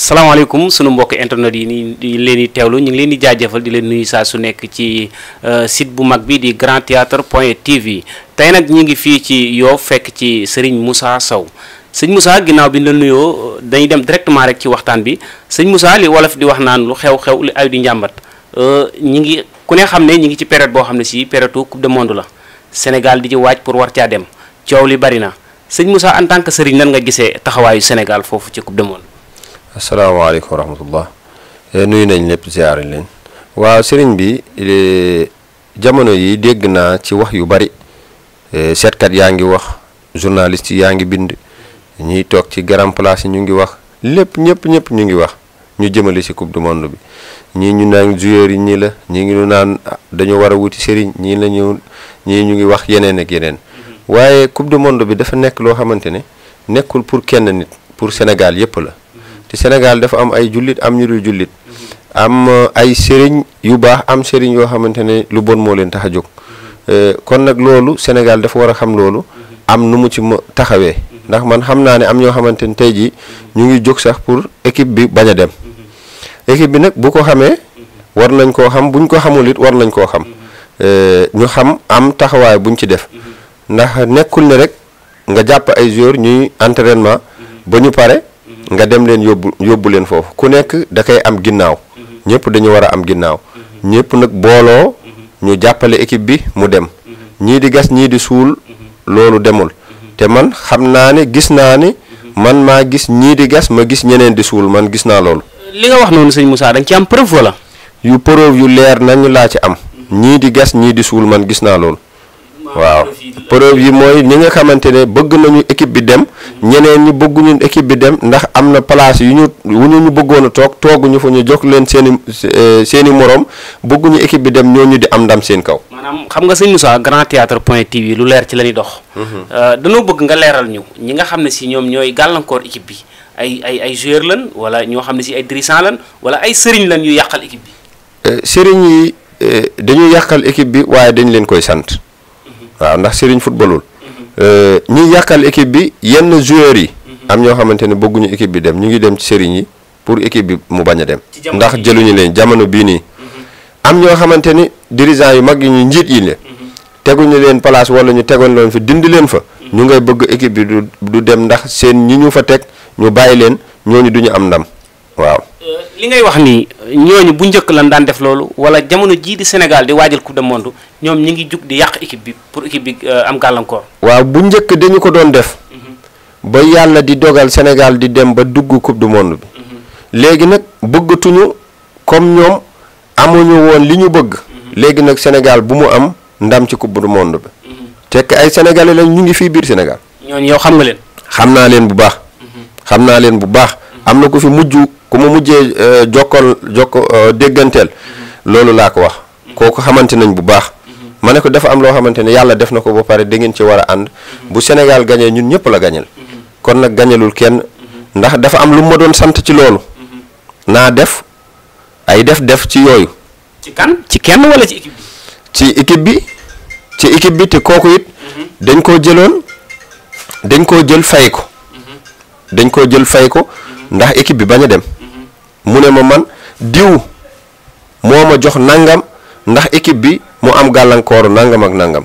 salaamaaleykum sunu mbokk internet yi nii di leen di teewlu ñu ngi leen di jaajëfal di leen nuyu saa su nekk ci euh, site bu mag bi di grand théâtre point tv tey nag ñu ngi fii ci yow fekk ci Serigne Moussa Sow sëñ Moussa ginnaaw bi ñu la nuyoo dañuy dem directement rek ci waxtaan bi sëñ Moussa li wolof di wax naan lu xew-xew li ay di njàmbat euh, ñi ngi ku ne xam ne ñi ngi ci période boo xam ne si période coupe du monde la Sénégal di ci waaj pour war caa dem coow li bari na sëñ Moussa en tant que Serigne nan nga gisee taxawaayu Sénégal foofu ci coupe du monde. asalaamaaleykum wa rahmatullah eh, nuyu nañ lépp ziare leen waaw sëriñ bi eh, jamono yi dégg naa ci wax yu bari eh, seetkat yaa ngi wax journaliste yaa ngi bind ñiy toog ci grand place yi ñu ngi wax lépp ñëpp ñëpp ñu ngi wax ñu jëmale ci coupe du monde bi ñii ñu naan joueurs yi ñii la ñii ngi naan ah, dañu war a wuti sëriñ ñii la ñii ñu ngi wax yeneen ak yeneen mm-hmm. waaye coupe du monde bi dafa nekk loo xamante ne nekkul pour kenn nit pour Sénégal yëpp la te Sénégal dafa am ay jullit am ñu dul jullit am uh, ay sëriñ yu baax am sëriñ yoo xamante ne lu bon moo leen tax a jóg uh, kon nag loolu Sénégal dafa war a xam loolu am nu mu ci ma taxawee ndax man xam naa ne am ñoo xamante ne tey jii ñu ngi jóg sax pour équipe bi bañ a dem équipe bi nag bu ko xamee war nañ koo xam buñ ko xamul it war nañ koo xam uh, ñu xam am taxawaay buñ ci def ndax nekkul ne rek nga jàpp ay joueurs ñuy entraînement ba ñu pare. nga dem leen yóbbu yóbbu leen foofu ku nekk dakay am ginnaaw ñëpp dañu war a am ginnaaw ñëpp nag booloo ñu jàppale équipe bi mu dem ñii di gas ñii di suul loolu demul te man xam naa ne gis naa ni man maa gis ñii di gas ma gis ñeneen di suul man gis naa loolu. li nga wax noonu sëñ Moussa da nga ci am preuve wala. yu preuve yu leer nañu laa ci am. ñii di gas ñii di suul man gis naa loolu. waaw preuve yi mooy ñi nga xamante ne bëgg nañu équipe bi dem ñeneen ñi bëgguñu équipe bi dem ndax am na place yu ñu ñu ñu bëggoon a toog tooguñu fa ñu jox leen seen seeni eh, seen morom bëgguñu équipe bi dem ñoo ñu di am ndam seen kaw. maanaam xam nga sëñ Moussa Grand Théâtre point TV lu leer ci la dox. Mhm. Euh, dañoo bëgg nga leeral ñu ñi nga xam ne si ñoom ñooy gàllankoor équipe bi ay ay ay joueur lan wala ñoo xam ne si ay dirigeant lan wala ay sëriñ lañ yu yàqal équipe bi. Eh, yi eh, dañuy yàqal équipe bi waaye dañ leen koy sant. waaw ndax Serigne footballul euh, ñi yàqal équipe bi yenn joueurs yi. Mhm. am ñoo xamante ne bëgguñu équipe bi dem ñu ngi dem ci Serigne yi pour équipe bi mu bañ a dem. ndax jëluñu leen jamono bii nii. Mhm. am ñoo xamante ni dirigeants yu mag yi ñu njiit yi la. Mhm. teguñu leen place wala ñu tegoon leen fi dindi leen fa. ñu ngay bëgg équipe bi du du dem ndax seen ñi ñu fa teg ñu bàyyi leen ñooñu duñu am ndam. waaw. li ngay wax nii ñooñu bu njëkk lan daan def loolu wala jamono jii di Sénégal di waajal coupe du monde ñoom ñi ngi jug di yàq équipe bi pour équipe bi euh, am gàllankoor. waaw bu njëkk dañu ko doon def. Mhm. ba yàlla di dogal Sénégal di dem ba dugg coupe du monde bi. Mhm. léegi nag bëggatuñu comme ñoom amuñu woon li ñu bëgg. Mhm. léegi nag senegal bu mu am ndam ci coupe du monde bi. te ay sénégalais lañ ñu ngi fii biir Sénégal. ñooñu yow xam nga leen. xam naa leen bu baax. xam naa leen bu baax am na ku fi mujj ku ma mujjee euh, jokkool jokko euh, dégganteel loolu laa ko wax kooku xamante nañ bu baax ma ne ko dafa am loo xamante ne yàlla def na ko ba pare da ngeen ci war a ànd bu Sénégal gañee ñun ñëpp la gañal kon nag gañalul kenn ndax dafa am lu ma doon sant ci loolu naa def ay def-def ci yooyu. ci kan ci kenn wala ci équipe bi. ci équipe bi te kooku it dañ koo jëloon dañ koo jël fay ko. dañ ko jël fay ko ndax équipe bi bañ a dem mu ne ma man diw moo ma jox nangam ndax équipe bi mu am gàllankoor nangam ak nangam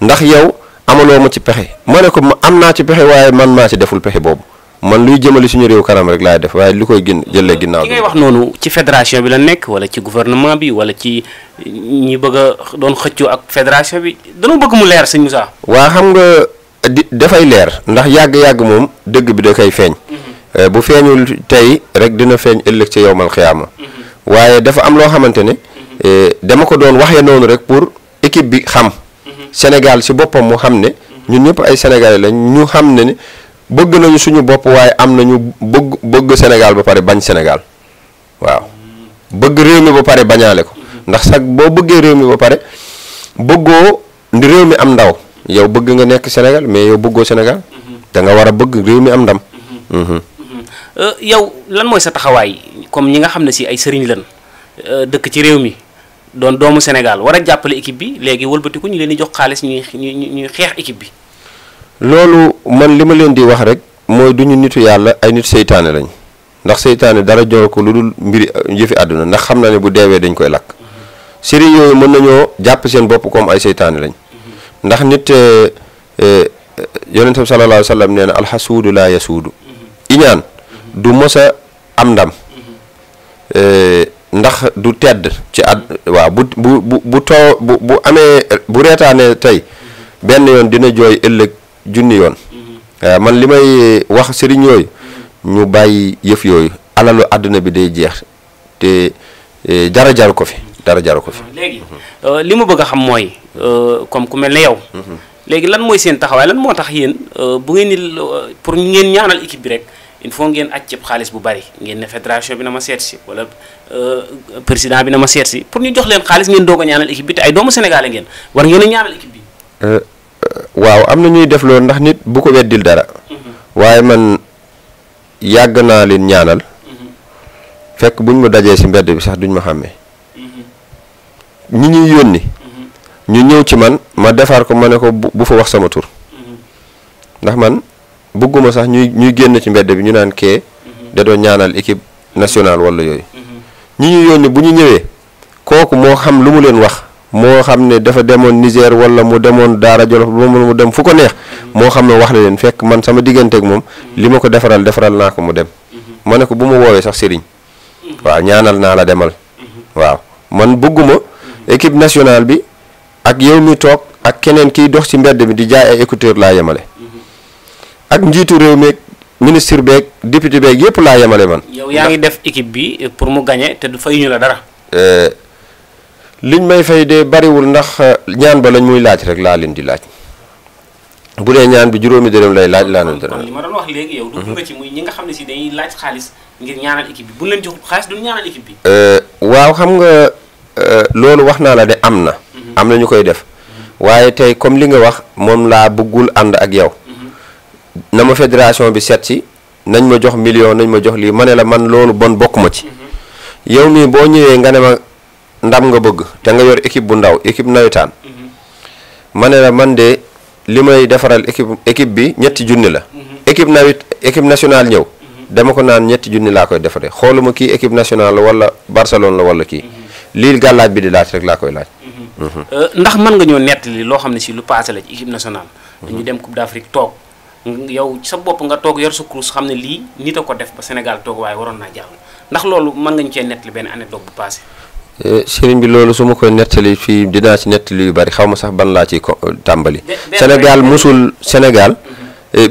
ndax yow amaloo ma ci pexe ma ne ko ma am naa ci pexe waaye man maa ci deful pexe boobu man luy jëmali suñu réew kanam rek laay def waaye li koy gën jëlee ginnaaw bi. wax noonu ci fédération bi la nekk wala ci gouvernement bi wala ci ñi bëgg doon xëccoo ak fédération bi dañoo bëgg mu leer sëñ Moussa. waa xam nga. di dafay leer ndax yàgg-yàgg moom dëgg bi da koy feeñ mm-hmm. euh, bu feeñul tey rek dina feeñ ëllëg ca yowmal xiyaama mm-hmm. waaye dafa am loo xamante ne mm-hmm. euh, dama ko doon waxee noonu rek pour équipe bi xam Sénégal si boppam mu xam ne ñun ñëpp ay sénégalais lañ ñu xam ne ne bëgg nañu suñu bopp waaye am nañu bëgg bëgg Sénégal ba pare bañ Sénégal waaw bëgg réew mi ba pare bañaale ko ndax sag boo bëggee réew mi ba pare bëggoo ndi réew mi am ndaw yow bëgg nga nekk Sénégal mais yow bëggoo senegal mhm. da nga war a bëgg réew mi am ndam. Mhm. Mhm. Euh, yow lan mooy sa taxawaay comme ñi nga xam ne si ay sëriñ lan euh, dëkk ci réew mi doon doomu Sénégal war a jàppale équipe bi léegi wëlbatiku ñu leen di jox xaalis ñuy ñuy xeex équipe bi. loolu man li ma leen di wax rek mooy du duñu nitu yàlla ay nit seytaane lañ ndax seytaane dara jor ko lu dul mbiri yëfi àdduna ndax xam na ne bu deewee dañ koy lakk sëriñ yooyu mën nañoo jàpp seen bopp comme ay lañ. ndax nit eh, eh, yonente bi sallallahu alayhi wa sallam nee alxasuudu laa yasuudu mhm. iñaan mhm. du mosa am ndam mhm. eh, ndax du tedd ci at waaw bu bu bu bu amee bu reetaane tey benn yoon dina jooy ëllëg junni yoon man li may wax sëriñ yooyu ñu bàyyi yëf yooyu alalu àdduna bi day jeex te jara jar ko fi dara jaru ko fi. Euh, li mu bëgg a xam mooy euh, comme ku mel ne yow. Mm-hmm. léegi lan mooy seen taxawaay lan moo tax yéen euh, bu ngeen ni pour ngeen ñaanal équipe bi rek il faut ngeen aj ceeb xaalis bu bari ngeen ne fédération bi na ma seet si wala président bi na ma seet si pour ñu jox leen xaalis ngeen doog a ñaanal équipe bi te ay doomu Sénégalais ngeen war ngeen a ñaanal équipe bi. waaw am na ñuy def loolu ndax nit bu ko weddil dara. Mm-hmm. waaye man yàgg naa leen ñaanal. Mm-hmm. fekk buñ ma dajee si ma xàmmee. ñi ñuy yónni mm-hmm. ñu ñëw ci man ma defar ko ma ko bu fa wax sama tur mm-hmm. ndax man bëgguma sax ñuy ñuy génn ci mbedd bi ñu naan kee mm-hmm. da doon ñaanal équipe nationale wala yooyu ñi ñu yónni bu ñu ñëwee kooku moo xam lu mu leen wax moo xam ne dafa demoon Niger wala mu demoon Daara Jolof ba mu dem fu ko neex moo xam ne wax na leen fekk man sama digganteeg moom li ma ko defaral defaral naa ko mu dem ma ne ko bu ma woowee sax sëriñ waaw ñaanal naa la demal waaw man bëgguma équipe national bi ak yow mi toog ak keneen kiy dox ci mbedd bi di jaay ay écouteur laa yemale mhm. ak njiitu réew meeg ministre beeg député beeg yépp laa yemale man yow yaa ngi def équipe bi pour mu gagné te du fa fayuñu la dara euh, liñ may fay de bariwul ndax euh, ñaan ba lañ muy laaj rek laa leen di laaj bu dee ñaan bi juróomi dërëm lay laaj laa leen dërëm li ma doon wax ñi nga xam ne si dañuy laaj bu leen joxul xaalis duñ ñaanal équipe bi euh, waaw xam nga Euh, loolu wax naa la ne am na. Mm-hmm. am na ñu koy def waaye tey comme li nga wax moom laa bëggul ànd ak yow. Mm-hmm. na ma fédération bi seet nañ ma jox million nañ ma jox lii ma ne la man loolu bon bokk ma ci. Mm-hmm. yow mii boo ñëwee nga ne ma ndam nga bëgg te nga yor équipe bu ndaw équipe nawetaan. ma ne la man de li may defaral équipe équipe bi ñetti junni la. équipe nawet équipe nationale ñëw. dama ko naan ñetti junni laa koy defaree xooluma kii équipe nationale la wala Barcelone la wala kii. lii gàllaaj bi di laaj rek laa koy laaj. Mhm. Mhm. Euh, ndax mën nga ñoo nettali loo xam ne si lu passé la ci équipe nationale. dañu mhm. dem Coupe d'Afrique toog yow sa bopp nga toog yor sa kurus xam ne lii nit a ko def ba Sénégal toog waaye waroon naa jàll ndax loolu mën nga ñu cee nettali benn anecdote bu passé. Euh, sëriñ bi loolu su ma koy nettali fii dinaa ci nettali yu bari xaw ma sax ban laa ci ko euh, tàmbali. Sénégal musul Sénégal.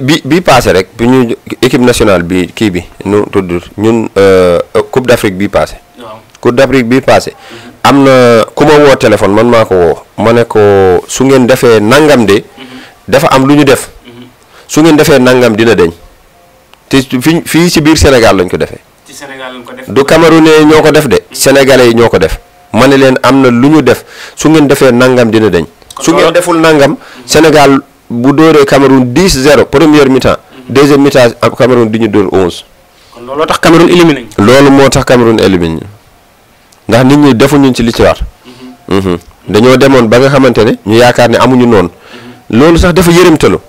bi bi passé rek bi ñu équipe bi kii bi nu tudd ñun Coupe d'Afrique bi passé. Coupe d'Afrique bi passé am na ku ma woo téléphone man maa ko woo ma ne ko su ngeen defee nangam de dafa am lu ñu def su ngeen defee nangam dina deñ te fi fii ci biir Sénégal lañ ko defee. ci Sénégal lañ ko def ñoo ko def de. Sénégalais yi ñoo ko def ma ne leen am na lu ñu def su ngeen defee nangam dina deñ su ngeen deful nangam Sénégal bu dóoree Cameroun 10-0 première mi-temps deuxième mi-temps Cameroun di ñu dóor 11. kon looloo tax Cameroun éliminé. loolu moo tax Cameroun éliminé. ndax nit ñi defuñu ci li ci war mhm. Mhm. dañoo demoon ba nga xamantene ñu yaakaar ne amuñu noonu mhm. loolu sax dafa yërëmtalu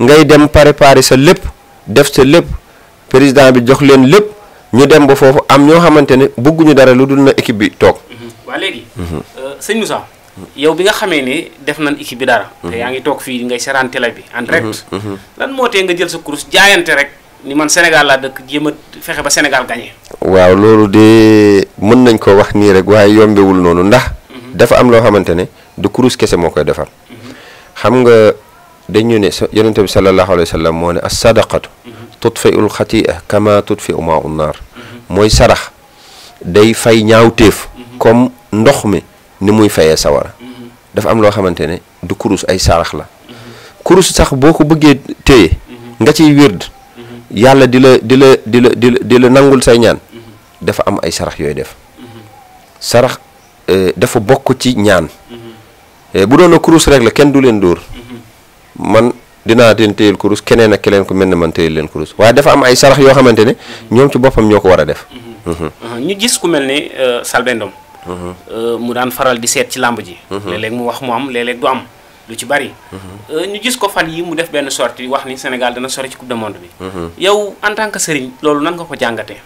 ngay dem préparer sa lépp def sa lépp président bi jox leen lépp ñu dem ba foofu am ñoo xamantene ne bëgguñu dara lu dul na équipe bi toog waa léegi euh, sëñ Moussa yow bi nga xamee ni def nañ équipe bi dara te yaa ngi toog fii ngay télé bi en direct lan moo tee nga jël sa jaayante rek ni man Sénégal la dëkk jéem a fexe ba Sénégal gagné waaw loolu de mën nañ koo wax nii rek waaye yombewul noonu ndax mhm. dafa am loo xamante ne du kurus kese moo koy defar mhm. xam nga dañu ne yonente bi sallallahu alayhi wa sallam moo ne as sadaqatu mhm. tutfiul xatia kama tutfiu maa un naar mooy sarax day fay ñaawteef comme ndox mi ni muy fayee sawara dafa am loo xamante ne du kurus ay sarax la kurus sax boo ko bëggee téye nga ciy wird yàlla di la di la di la di la nangul say ñaan dafa am ay sarax yooy def sarax euh, dafa bokk ci ñaan euh, bu doon a kurus rek la kenn du leen dóor man dinaa leen téyel kurus keneen ak keneen ku mel ne man téyel leen kurus waaye dafa am ay sarax yoo xamante ne ñoom ci boppam ñoo ko war a def ñu gis ku mel ni euh, Selbé Ndom mu daan faral di seet ci làmb ji léeg-léeg mu wax mu am léeg-léeg du am lu ci bari. ñu gis ko fan yi mu def benn sortie wax ni senegal dana sori ci coupe du monde bi yow en tant que sëriñ loolu nan nga ko jàngatee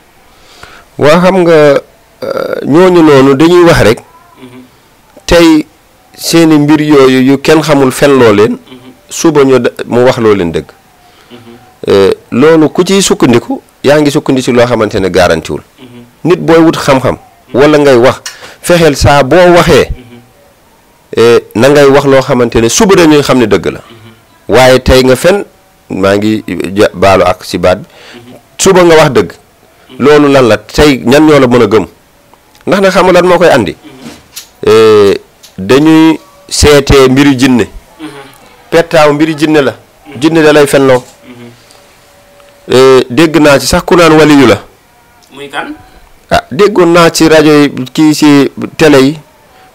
waa xam nga euh, ñooñu noonu dañuy wax rek tey seeni mbir yooyu yu kenn xamul fen loo leen suba ñu mu wax loo leen dëgg euh, loolu ku ciy sukkandiku yaa ngi sukkandiku ci loo xamante ne garantiwul nit booy wut xam-xam walla ngay wax fexeel saa boo waxee euh, na ngay wax loo xamante ne suba dañuy xam ne dëgg la waaye tey nga fen maa ngi baalo ak si baat bi suba nga wax dëgg loolu lan la tey ñan ñoo la mën a gëm ndax nag xam nga lan moo koy andi eh, dañuy seetee mbiri jinne mm-hmm. pettaaw mbiri jinne la mm-hmm. jinne da lay fenloo mm-hmm. eh, dégg naa ci sax ku naan waliyu la muy kan ah déggoon naa ci rajo yi kii si tele yi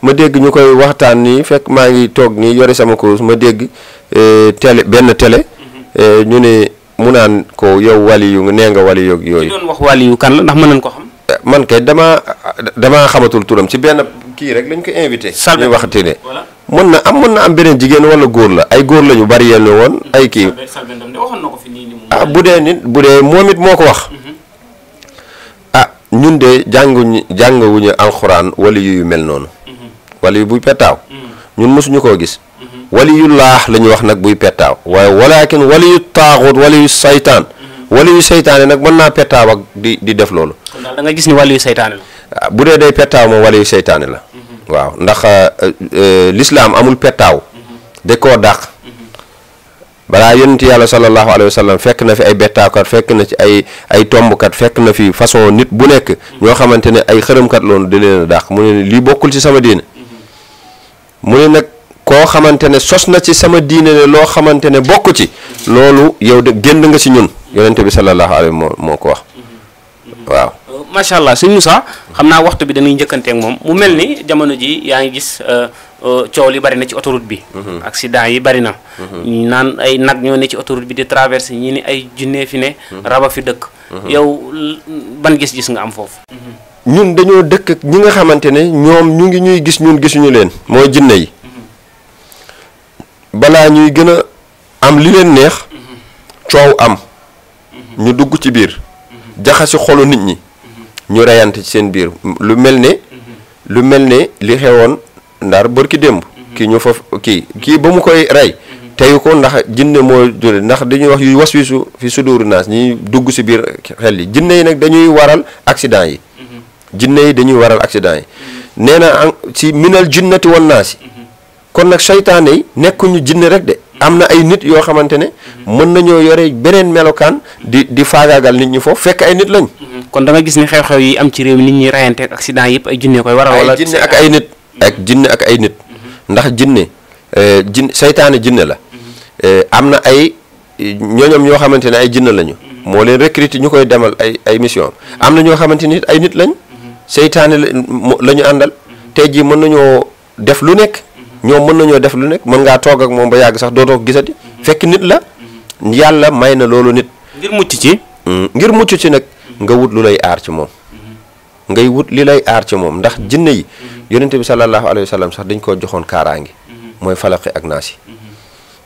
ma dégg ñu koy waxtaan nii fekk maa ngi toog nii yore sama course ma dégg eh, télé benn télé ñu ne mu naan ko yow wali yu nga nee nga wali yooyu. doon wax wali kan la ndax mën nañ ko xam. Eh, man kay damaa damaa xamatul turam ci benn kii rek lañ ko invité. salbe ñuy waxati mën na am mën na am beneen jigéen wala góor la ay góor la ñu bari yenn woon. Mm-hmm. ay kii ah bu dee nit bu dee moom it moo ko wax. Mm-hmm. ah ñun de jànguñu jànguwuñu alxuraan wala yu mel noonu. Mm-hmm. wala yu buy ñun mosuñu koo gis. waliyullah laax ñuy wax nag buy pettaaw waaye walakin waliyu taaxut waliyu saytaan waliyu saytaane nag mën naa pettaaw ak di di def loolu. nga gis ni waliyu saytaane la. Ah, bu dee day pettaaw moom waliyu saytaane la. Mhm. waaw ndax euh, euh, lislaam amul pettaaw. Mhm. da koo dàq. Mhm. balaa yonent yàlla sallallahu alayhi wa sallam fekk na fi ay bettaakat fekk na ci ay ay tombkat fekk na fi façon nit bu nekk. ñoo xamante ne ay xërëmkat loonu da leen dàq mu ne lii bokkul ci sama diine. mu ne nag. koo xamante ne sos na ci sama diine ne loo xamante ne bokk ci loolu yow de génn nga ci ñun yonente bi sallallahu alayhi moo moo ko wax waaw macha allah sëñ Moussa xam naa waxtu bi dañuy njëkkanteek moom mu mel ni jamono ji yaa ngi gis euh, euh, coow li bari na ci autoroute bi mhm. accident yi bari na mhm. naan ay nag ñoo ne ci autoroute bi di traversé ñi ni ay junne fi ne mhm. raba fi dëkk yow ban gis-gis nga am foofu ñun dañoo dëkk ñi nga xamante ne ñoom ñu ngi ñuy gis ñun gisuñu leen mooy jinne yi balaa ñuy gën a am li leen neex coow am ñu dugg ci biir jaxasi xolu nit ñi ñu reyante ci seen biir lu mel ne lu mel ne li xewoon ndaar ki démb kii ñu fa kii ba mu koy rey teyu ko ndax jinne moo jule ndax dañuy wax yuy was wisu fi sudóoru naas ñuy dugg si biir xel yi jinne yi nag dañuy waral accident yi mm-hmm. jinne yi dañuy waral accident yi nee na ci minal jinnati wan naasi kon nag seytaane yi nekkuñu jinne rek de am na ay nit yoo xamante ne mën nañoo yore beneen melokaan di di faagaagal nit ñi foofu fekk ay nit lañ. kon da nga gis ni xew yi am ci réew mi nit ñi ak accident yëpp ay jinne koy waral. wala ay jinne ak ay nit mm-hmm. ak jinne ak ay nit mm-hmm. ndax jinne eh, jin seytaane jinne la mm-hmm. eh, am na ay ñooñam yoo xamante ne ay jinne lañu. moo leen recruter ñu koy demal ay ay mission am na ñoo xamante ni ay nit lañ. seytaane la ñu àndal te jii mën nañoo def lu nekk. ñoom mën nañoo def lu nekk mën ngaa toog ak moom ba yàgg sax dootoo ko gisati. fekk nit la. yàlla may na loolu nit. ngir mucc ci. Mm, ngir mucc ci nag nga wut lu lay aar ci moom. ngay wut li lay aar ci moom ndax jinne yi. yonente bi sallallahu alayhi wa sallam sax dañ koo joxoon kaaraange. mooy falaqi ak naas yi.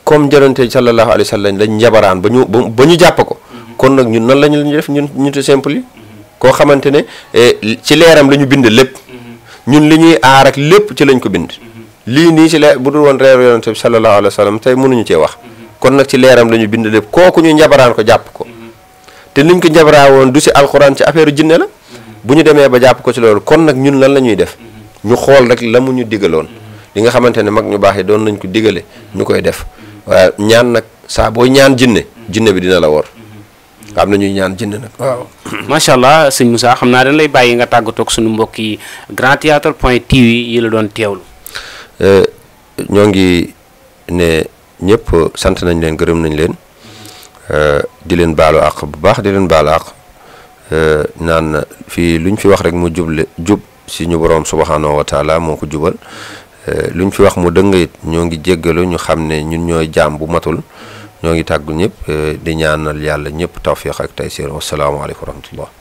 comme yonente bi sallallahu alayhi wa sallam njabaraan ba ñu ba ñu jàpp ko. kon nag ñun nan lañu def ñun ñu simple yi. koo xamante ne eh, ci leeram lañu bind lépp. ñun li ñuy aar ak lépp ci lañ ko bind. Lini ni ci la bu dul woon reeru yonente bi sallallahu alaihi wasallam tay munu ñu ci wax kon nak ci leeram lañu bind lepp koku ñu njabaraan ko japp ko te niñ ko njabara won du ci alquran ci affaire jinne la bu ñu demee ba japp ko ci lool kon nak ñun lan la def ñu xol rek lamu ñu digaloon li nga xamantene mag ñu baxé doon nañ ko ñukoy def wa ñaan nak sa booy ñaan jinne jinne bi dina la wor xam nañu ñuy ñaan jënd nag waaw macha allah sëñ Moussa xamna dañ lay bayyi nga tagu tok suñu mbokk grand yi la doon tewlu Euh, ñoo ngi ne ñëpp sant nañ leen gërëm nañ leen euh, di leen baalu àq bu baax di leen baalu àq euh, naan fii luñ fi wax rek mu juble jub si ñu boroom subhaanahu wa moo ko jubal lu ñu fi wax mu dëng it ñoo ngi jéggalu ñu xam ne ñun ñooy jaam bu matul ñoo ngi tàggu ñëpp di ñaanal yàlla ñëpp tawfiq ak taysiir wassalaamu aleykum wa